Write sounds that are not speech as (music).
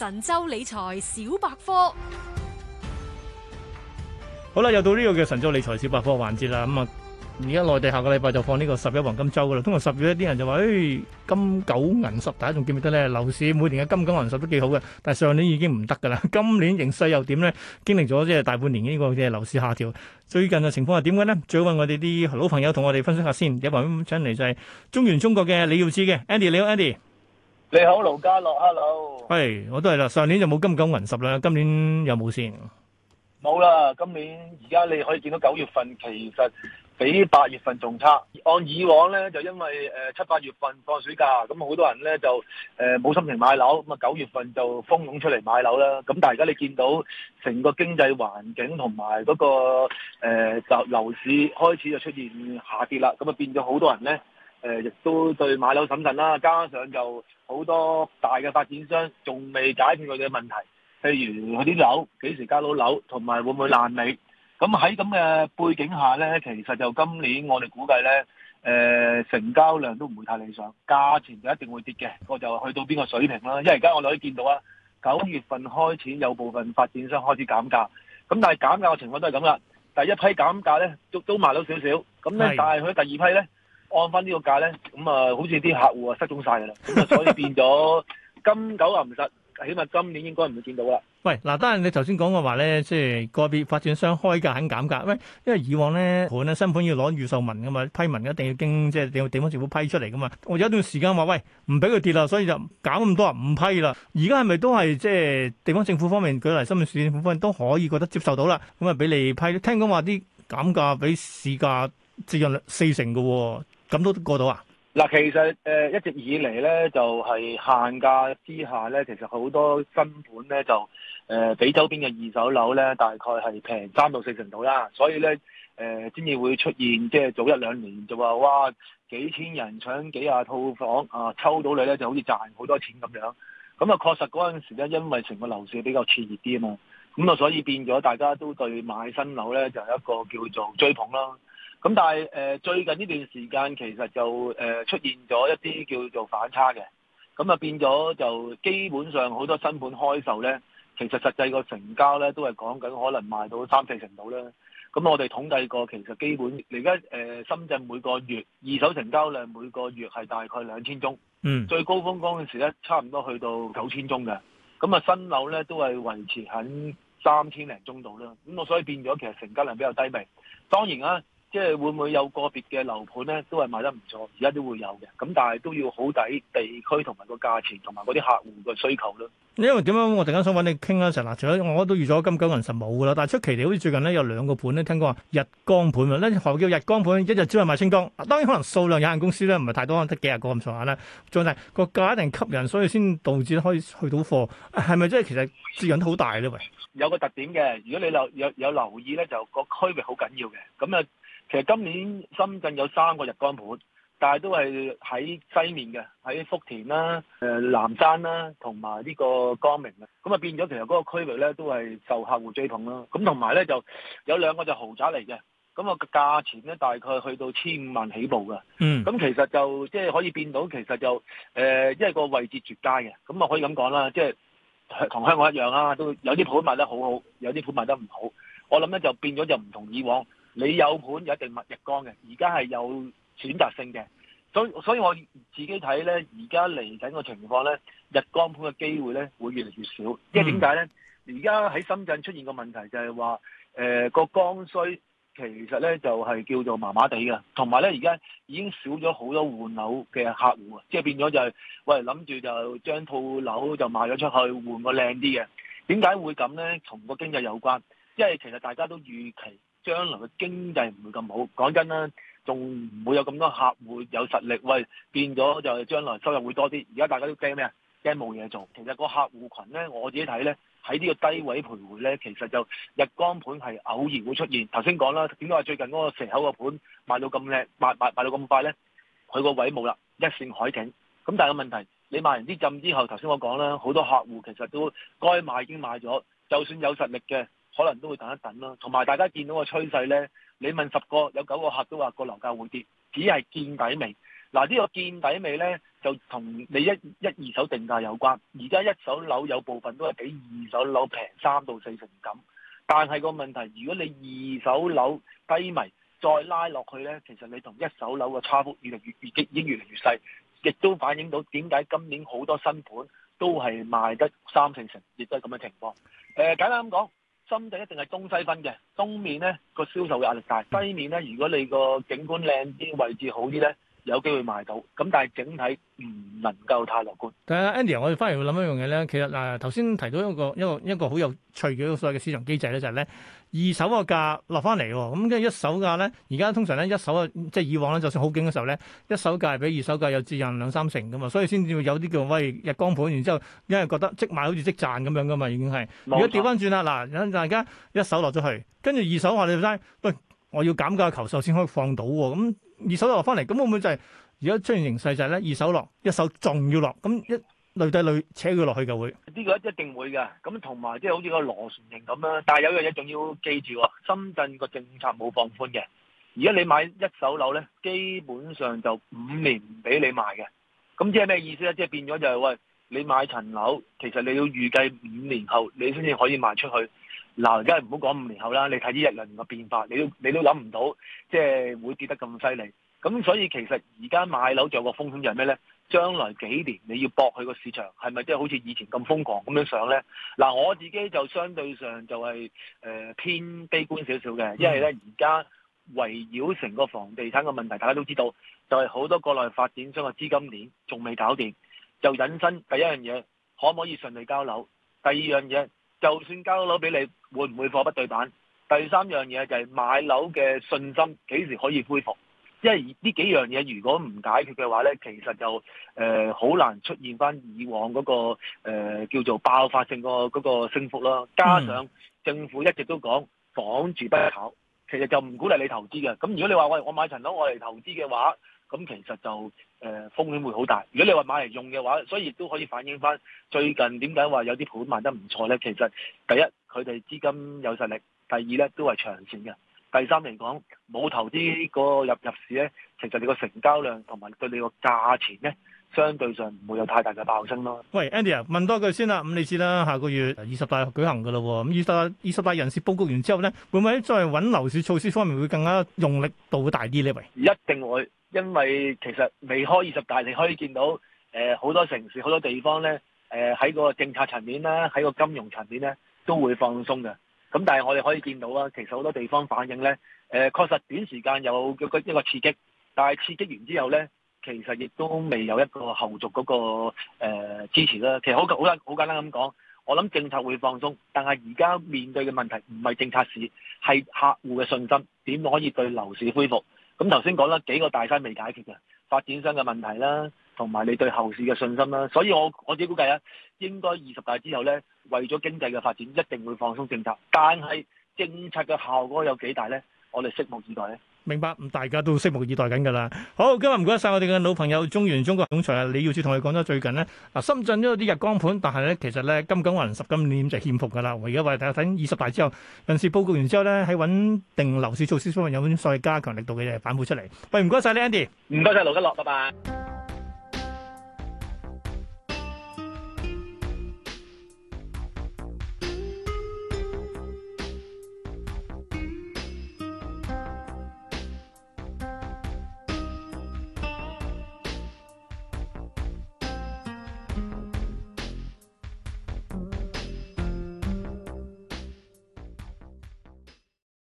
神州理財小百科，好啦，又到呢個嘅神州理財小百科環節啦。咁啊，而家內地下個禮拜就放呢個十一黃金周噶啦。通常十月一啲人就話，誒、哎，金九銀十，大家仲記唔記得咧？樓市每年嘅金九銀十都幾好嘅，但係上年已經唔得噶啦。今年形勢又點咧？經歷咗即係大半年呢個嘅樓市下調，最近嘅情況係點嘅呢？最好搵我哋啲老朋友同我哋分析一下先。有朋友請嚟就係中原中國嘅李耀智嘅 Andy，你好 Andy。你好，盧家樂，哈嘍。係，hey，我都係啦。上年就冇金九銀十啦，今年有冇先？冇啦，今年而家你可以見到九月份，其實比八月份仲差。按以往呢，就因為誒七八月份放暑假，咁好多人呢就誒、冇、呃、心情買樓，咁啊九月份就蜂擁出嚟買樓啦。咁但係而家你見到成個經濟環境同埋嗰個誒、呃、就樓市開始就出現下跌啦，咁啊變咗好多人呢。誒，亦都對買樓審慎啦，加上就好多大嘅發展商仲未解決佢哋嘅問題，譬如佢啲樓幾時交到樓，同埋會唔會爛尾。咁喺咁嘅背景下呢，其實就今年我哋估計呢，誒、呃、成交量都唔會太理想，價錢就一定會跌嘅。我就去到邊個水平啦？因為而家我哋可以見到啊，九月份開始有部分發展商開始減價，咁但係減價嘅情況都係咁啦，第一批減價呢，都都賣到少少，咁呢，是但係佢第二批呢。按翻呢個價咧，咁啊，好似啲客戶啊失蹤晒㗎啦，所以變咗金九又唔實，起碼今年應該唔會見到啦。 (laughs) 喂，嗱，但係你頭先講嘅話咧，即係個別發展商開價肯減價，喂，因為以往咧盤咧新盤要攞預售文㗎嘛，批文一定要經即係地地方政府批出嚟㗎嘛。我有一段時間話喂，唔俾佢跌啦，所以就減咁多啊，唔批啦。而家係咪都係即係地方政府方面，舉例深圳市政府方面都可以覺得接受到啦，咁啊俾你批。聽講話啲減價比市價接近四成㗎喎、哦。咁都過到啊！嗱，其實誒一直以嚟咧，就係限價之下咧，其實好多新盤咧就誒比周邊嘅二手樓咧，大概係平三到四成度啦。所以咧誒，先至會出現即係早一兩年就話哇幾千人搶幾廿套房啊，抽到你咧就好似賺好多錢咁樣。咁啊，確實嗰陣時咧，因為成個樓市比較熾熱啲啊嘛，咁啊，所以變咗大家都對買新樓咧就係一個叫做追捧啦。咁但係、呃、最近呢段時間其實就誒、呃、出現咗一啲叫做反差嘅，咁啊變咗就基本上好多新盤開售咧，其實實際個成交咧都係講緊可能賣到三四成度啦。咁我哋統計過，其實基本而家誒深圳每個月二手成交量每個月係大概兩千宗，嗯，最高峰嗰陣時咧差唔多去到九千宗嘅。咁啊新樓咧都係維持喺三千零宗度啦。咁我所以變咗其實成交量比較低迷。當然啦、啊。即係會唔會有個別嘅樓盤咧，都係賣得唔錯？而家都會有嘅，咁但係都要好睇地區同埋個價錢同埋嗰啲客戶嘅需求咯。因為點樣我突然間想揾你傾一陣嗱？除咗我都預咗金九銀十冇噶啦，但係出奇地好似最近咧有兩個盤咧，聽講話日光盤喎，咧何叫日光盤？一日只係賣清光。當然可能數量有限公司咧唔係太多，得幾廿個咁上下啦。再嚟個價一定吸引，所以先導致可以去到貨，係咪即係其實輸緊好大咧？喂，有個特點嘅，如果你留有有留意咧，就個區域好緊要嘅，咁啊。其實今年深圳有三個日光盤，但係都係喺西面嘅，喺福田啦、啊、誒、呃、南山啦、啊，同埋呢個光明啦。咁啊變咗，其實嗰個區域咧都係受客戶追捧啦。咁同埋咧就有兩個就是豪宅嚟嘅，咁、那、啊、個、價錢咧大概去到千五萬起步嘅。嗯。咁其實就即係、就是、可以變到其實就誒、呃，因為個位置絕佳嘅，咁啊可以咁講啦，即係同香港一樣啦、啊，都有啲盤賣得好好，有啲盤賣得唔好。我諗咧就變咗就唔同以往。你有盤有一定日光嘅，而家係有選擇性嘅，所以所以我自己睇咧，而家嚟緊個情況咧，日光盤嘅機會咧會越嚟越少。因為點解咧？而家喺深圳出現個問題就係話，誒個剛需其實咧就係、是、叫做麻麻地嘅，同埋咧而家已經少咗好多換樓嘅客戶，即、就、係、是、變咗就係，喂諗住就將套樓就賣咗出去換個靚啲嘅。點解會咁咧？同個經濟有關，因為其實大家都預期。將來嘅經濟唔會咁好，講真啦，仲唔會有咁多客戶有實力，喂，變咗就將來收入會多啲。而家大家都驚咩啊？驚冇嘢做。其實個客戶群咧，我自己睇咧，喺呢個低位徘徊咧，其實就日光盤係偶然會出現。頭先講啦，點解話最近嗰個蛇口個盤賣到咁靚，賣賣賣，賣到咁快咧？佢個位冇啦，一線海景。咁但係個問題，你賣完啲浸之後，頭先我講啦，好多客戶其實都該賣已經賣咗，就算有實力嘅。可能都會等一等咯，同埋大家見到個趨勢呢，你問十個有九個客都話個樓價會跌，只係見底未。嗱、啊、呢、呢個見底未呢，就同你一一二手定價有關。而家一手樓有部分都係比二手樓平三到四成咁，但係個問題，如果你二手樓低迷再拉落去呢，其實你同一手樓嘅差幅越嚟越已經越嚟越細，亦都反映到點解今年好多新盤都係賣得三、四成亦都係咁嘅情況。簡、呃、簡單咁講。深圳一定係東西分嘅，東面咧個銷售嘅壓力大，西面咧如果你個景觀靚啲，位置好啲咧。有機會賣到，咁但係整體唔能夠太樂觀。但係 Andy，我哋反嚟會諗一樣嘢咧。其實嗱，頭先提到一個一個一個好有趣嘅所謂嘅市場機制咧，就係咧二手個價落翻嚟，咁跟住一手價咧。而家通常咧，一手即係以往咧，就算好景嘅時候咧，一手價比二手價有折讓兩三成嘅嘛，所以先至會有啲叫喂日光盤。然之後因為覺得即買好似即賺咁樣嘅嘛，已經係。錯如果調翻轉啦，嗱，大家一手落咗去，跟住二手話你齋，喂，我要減價求售先可以放到喎，咁。二手落翻嚟，咁會唔會就係而家出現形勢就係咧？二手落，一手仲要落，咁一累仔累扯佢落去就會？呢個一定會嘅，咁同埋即係好似個螺旋形咁啦。但係有樣嘢仲要記住喎，深圳個政策冇放寬嘅。而家你買一手樓咧，基本上就五年唔俾你賣嘅。咁即係咩意思咧？即係變咗就係，喂，你買層樓，其實你要預計五年後你先至可以賣出去。嗱，而家唔好講五年後啦，你睇呢一輪嘅變化，你都你都諗唔到，即係會跌得咁犀利。咁所以其實而家買樓仲有個風險就係咩呢？將來幾年你要搏佢個市場係咪即係好似以前咁瘋狂咁樣上呢？嗱，我自己就相對上就係誒偏悲觀少少嘅，因為呢，而家圍繞成個房地產嘅問題，大家都知道就係好多國內發展商嘅資金鏈仲未搞掂，就引申第一樣嘢可唔可以順利交樓，第二樣嘢。就算交咗樓俾你，會唔會貨不對板？第三樣嘢就係買樓嘅信心幾時可以恢復？因為呢幾樣嘢如果唔解決嘅話呢，其實就誒好、呃、難出現翻以往嗰、嗰個、呃、叫做爆發性個嗰個升幅咯。加上政府一直都講房住不炒，其實就唔鼓勵你投資嘅。咁如果你話喂，我買層樓我嚟投資嘅話，咁其實就誒、呃、風險會好大。如果你話買嚟用嘅話，所以亦都可以反映翻最近點解話有啲盤賣得唔錯咧。其實第一佢哋資金有實力，第二咧都係長線嘅。第三嚟講，冇投資個入入市咧，其實你個成交量同埋對你個價錢咧，相對上唔會有太大嘅爆升咯。喂，Andy、啊、問多句先啦。咁你知啦，下個月二十大舉行㗎啦喎。咁二十二十大人事佈局完之後咧，會唔會再穩樓市措施方面會更加用力度大啲呢？一定會。因為其實未開二十大，你可以見到誒，好多城市、好多地方呢，誒喺個政策層面啦，喺個金融層面呢，都會放鬆嘅。咁但係我哋可以見到啊，其實好多地方反應呢，誒確實短時間有一個刺激，但係刺激完之後呢，其實亦都未有一個後續嗰個誒支持啦。其實好簡好簡單咁講，我諗政策會放鬆，但係而家面對嘅問題唔係政策市，係客戶嘅信心點可以對樓市恢復。咁頭先講啦，幾個大山未解決嘅發展商嘅問題啦，同埋你對後市嘅信心啦，所以我我自己估計啊，應該二十大之後咧，為咗經濟嘅發展，一定會放鬆政策，但係政策嘅效果有幾大咧？我哋拭目以待咧。明白，咁大家都拭目以待緊㗎啦。好，今日唔該晒我哋嘅老朋友中原中國總裁李耀柱同我哋講咗最近咧，深圳都有啲日光盤，但係咧其實咧金九銀十今年就係欠服㗎啦。我而家話睇下二十大之後，人事報告完之後咧，喺穩定樓市措施方面有啲再加強力度嘅嘢反覆出嚟。喂，唔該晒你 a n d y 唔該晒盧吉樂，拜拜。